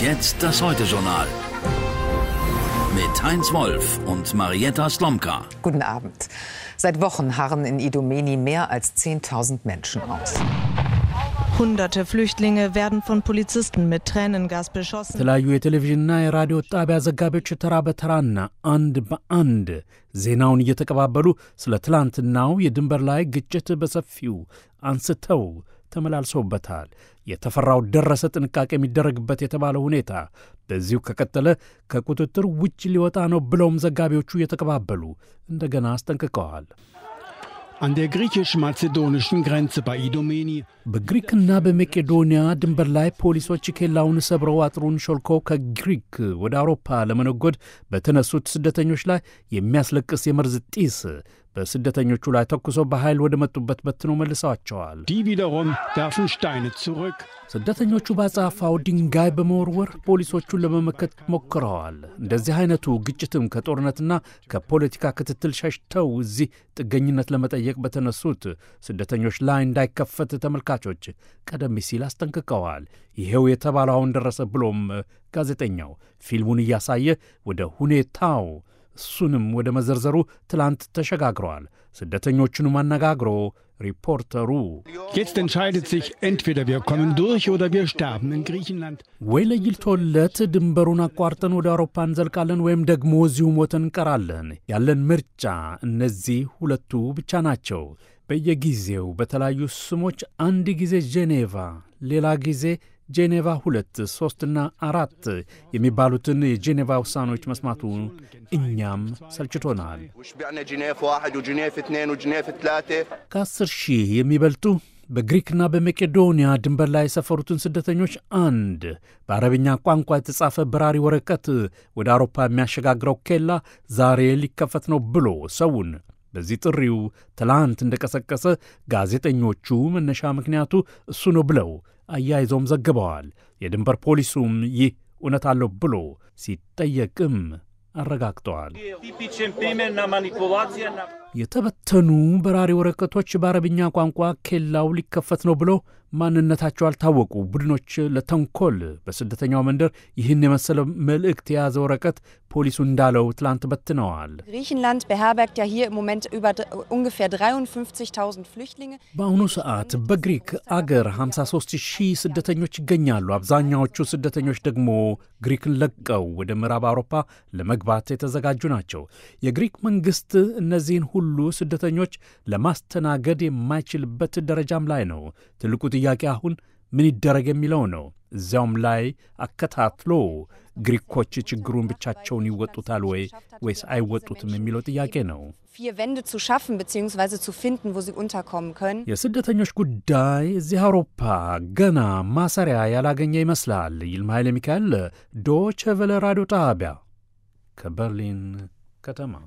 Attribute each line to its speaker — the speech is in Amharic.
Speaker 1: jetzt das Heute-Journal. Mit Heinz Wolf und Marietta Slomka. Guten Abend. Seit Wochen harren in Idomeni mehr als 10.000 Menschen aus. Hunderte Flüchtlinge werden von Polizisten mit Tränengas beschossen. የተለያዩ የቴሌቪዥንና የራዲዮ ጣቢያ ዘጋቢዎች ተራ በተራና አንድ በአንድ ዜናውን እየተቀባበሉ ስለ ትላንትናው የድንበር ላይ ግጭት በሰፊው አንስተው ተመላልሰውበታል። የተፈራው ደረሰ ጥንቃቄ የሚደረግበት የተባለው ሁኔታ በዚሁ ከቀጠለ ከቁጥጥር ውጭ ሊወጣ ነው ብለውም ዘጋቢዎቹ የተቀባበሉ እንደገና አስጠንቅቀዋል። der በግሪክና በመቄዶንያ ድንበር ላይ ፖሊሶች ኬላውን ሰብረው አጥሩን ሾልከው ከግሪክ ወደ አውሮፓ ለመነጎድ በተነሱት ስደተኞች ላይ የሚያስለቅስ የመርዝ ጢስ በስደተኞቹ ላይ ተኩሰው በኃይል ወደ መጡበት በትኖ መልሰዋቸዋል። ስደተኞቹ በአጸፋው ድንጋይ በመወርወር ፖሊሶቹን ለመመከት ሞክረዋል። እንደዚህ አይነቱ ግጭትም ከጦርነትና ከፖለቲካ ክትትል ሸሽተው እዚህ ጥገኝነት ለመጠየቅ በተነሱት ስደተኞች ላይ እንዳይከፈት ተመልካቾች ቀደም ሲል አስጠንቅቀዋል። ይሄው የተባለው አሁን ደረሰ ብሎም ጋዜጠኛው ፊልሙን እያሳየ ወደ ሁኔታው እሱንም ወደ መዘርዘሩ ትላንት ተሸጋግረዋል። ስደተኞቹንም አነጋግሮ ሪፖርተሩ ወይ ለይልቶለት ድንበሩን አቋርጠን ወደ አውሮፓ እንዘልቃለን ወይም ደግሞ እዚሁ ሞተን እንቀራለን። ያለን ምርጫ እነዚህ ሁለቱ ብቻ ናቸው። በየጊዜው በተለያዩ ስሞች አንድ ጊዜ ጄኔቫ፣ ሌላ ጊዜ ጄኔቫ ሁለት ሦስትና አራት የሚባሉትን የጄኔቫ ውሳኔዎች መስማቱ እኛም ሰልችቶናል። ከአስር ሺህ የሚበልጡ በግሪክና በመቄዶንያ ድንበር ላይ የሰፈሩትን ስደተኞች አንድ በአረብኛ ቋንቋ የተጻፈ በራሪ ወረቀት ወደ አውሮፓ የሚያሸጋግረው ኬላ ዛሬ ሊከፈት ነው ብሎ ሰውን በዚህ ጥሪው ትላንት እንደቀሰቀሰ ጋዜጠኞቹ መነሻ ምክንያቱ እሱ ነው ብለው አያይዘውም ዘግበዋል። የድንበር ፖሊሱም ይህ እውነት አለው ብሎ ሲጠየቅም አረጋግጠዋል። የተበተኑ በራሪ ወረቀቶች በአረብኛ ቋንቋ ኬላው ሊከፈት ነው ብሎ ማንነታቸው አልታወቁ ቡድኖች ለተንኮል በስደተኛው መንደር ይህን የመሰለ መልእክት የያዘ ወረቀት ፖሊሱ እንዳለው ትላንት በትነዋል። በአሁኑ ሰዓት በግሪክ አገር 53 ስደተኞች ይገኛሉ። አብዛኛዎቹ ስደተኞች ደግሞ ግሪክን ለቀው ወደ ምዕራብ አውሮፓ ለመግባት የተዘጋጁ ናቸው። የግሪክ መንግስት እነዚህን ሁሉ ስደተኞች ለማስተናገድ የማይችልበት ደረጃም ላይ ነው። ትልቁ ጥያቄ አሁን ምን ይደረግ የሚለው ነው። እዚያውም ላይ አከታትሎ ግሪኮች ችግሩን ብቻቸውን ይወጡታል ወይ ወይስ አይወጡትም የሚለው ጥያቄ ነው። የስደተኞች ጉዳይ እዚህ አውሮፓ ገና ማሰሪያ ያላገኘ ይመስላል። ይልማ ኃይለ ሚካኤል ዶቸቨለ ራዲዮ ጣቢያ ከበርሊን ከተማ